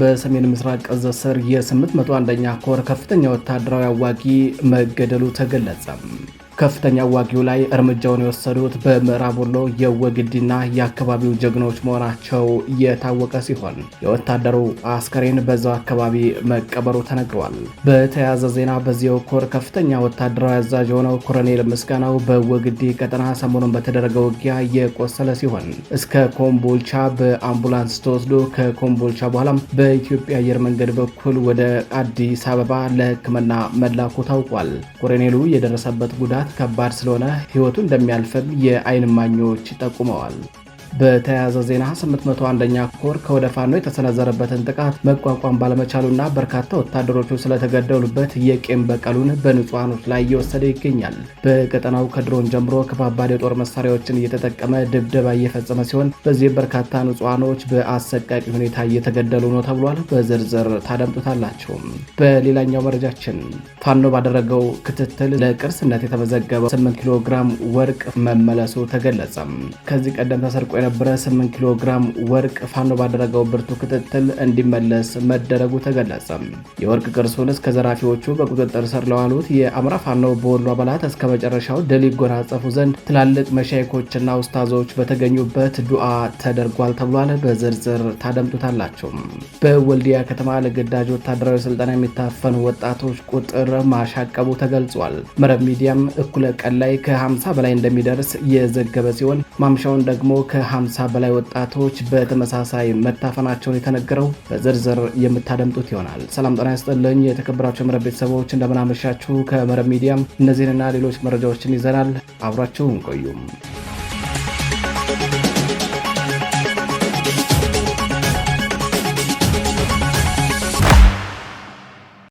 በሰሜን ምስራቅ እዝ ስር የ801ኛ ኮር ከፍተኛ ወታደራዊ አዋጊ መገደሉ ተገለጸም። ከፍተኛ አዋጊው ላይ እርምጃውን የወሰዱት በምዕራብ ወሎ የወግዲና የአካባቢው ጀግኖች መሆናቸው የታወቀ ሲሆን የወታደሩ አስከሬን በዛው አካባቢ መቀበሩ ተነግሯል። በተያያዘ ዜና በዚያው ኮር ከፍተኛ ወታደራዊ አዛዥ የሆነው ኮሎኔል ምስጋናው በወግዲ ቀጠና ሰሞኑን በተደረገ ውጊያ የቆሰለ ሲሆን እስከ ኮምቦልቻ በአምቡላንስ ተወስዶ ከኮምቦልቻ በኋላም በኢትዮጵያ አየር መንገድ በኩል ወደ አዲስ አበባ ለሕክምና መላኩ ታውቋል። ኮሎኔሉ የደረሰበት ጉዳት ከባድ ስለሆነ ህይወቱ እንደሚያልፈም የአይን ማኞች ጠቁመዋል። በተያያዘ ዜና 801ኛ ኮር ከወደ ፋኖ የተሰነዘረበትን ጥቃት መቋቋም ባለመቻሉና በርካታ ወታደሮቹ ስለተገደሉበት የቂም በቀሉን በንጹሐኖች ላይ እየወሰደ ይገኛል። በቀጠናው ከድሮን ጀምሮ ከባባድ የጦር መሳሪያዎችን እየተጠቀመ ድብደባ እየፈጸመ ሲሆን በዚህም በርካታ ንጹሐኖች በአሰቃቂ ሁኔታ እየተገደሉ ነው ተብሏል። በዝርዝር ታደምጡታላቸው። በሌላኛው መረጃችን ፋኖ ባደረገው ክትትል ለቅርስነት የተመዘገበው 8 ኪሎ ግራም ወርቅ መመለሱ ተገለጸም። ከዚህ ቀደም ተሰርቆ የነበረ 8 ኪሎ ግራም ወርቅ ፋኖ ባደረገው ብርቱ ክትትል እንዲመለስ መደረጉ ተገለጸ። የወርቅ ቅርሱን እስከ ዘራፊዎቹ በቁጥጥር ስር ለዋሉት የአማራ ፋኖ በወሎ አባላት እስከ መጨረሻው ድል ይጎናጸፉ ዘንድ ትላልቅ መሻይኮችና ውስታዞች በተገኙበት ዱዓ ተደርጓል ተብሏል። በዝርዝር ታደምጡታላቸው። በወልዲያ ከተማ ለግዳጅ ወታደራዊ ስልጠና የሚታፈኑ ወጣቶች ቁጥር ማሻቀቡ ተገልጿል። መረብ ሚዲያም እኩለ ቀን ላይ ከ50 በላይ እንደሚደርስ የዘገበ ሲሆን ማምሻውን ደግሞ ከ50 በላይ ወጣቶች በተመሳሳይ መታፈናቸውን የተነገረው በዝርዝር የምታደምጡት ይሆናል። ሰላም ጤና ይስጥልኝ የተከበራቸው የመረብ ቤተሰቦች እንደምናመሻችሁ። ከመረብ ሚዲያም እነዚህንና ሌሎች መረጃዎችን ይዘናል። አብራችሁን ቆዩም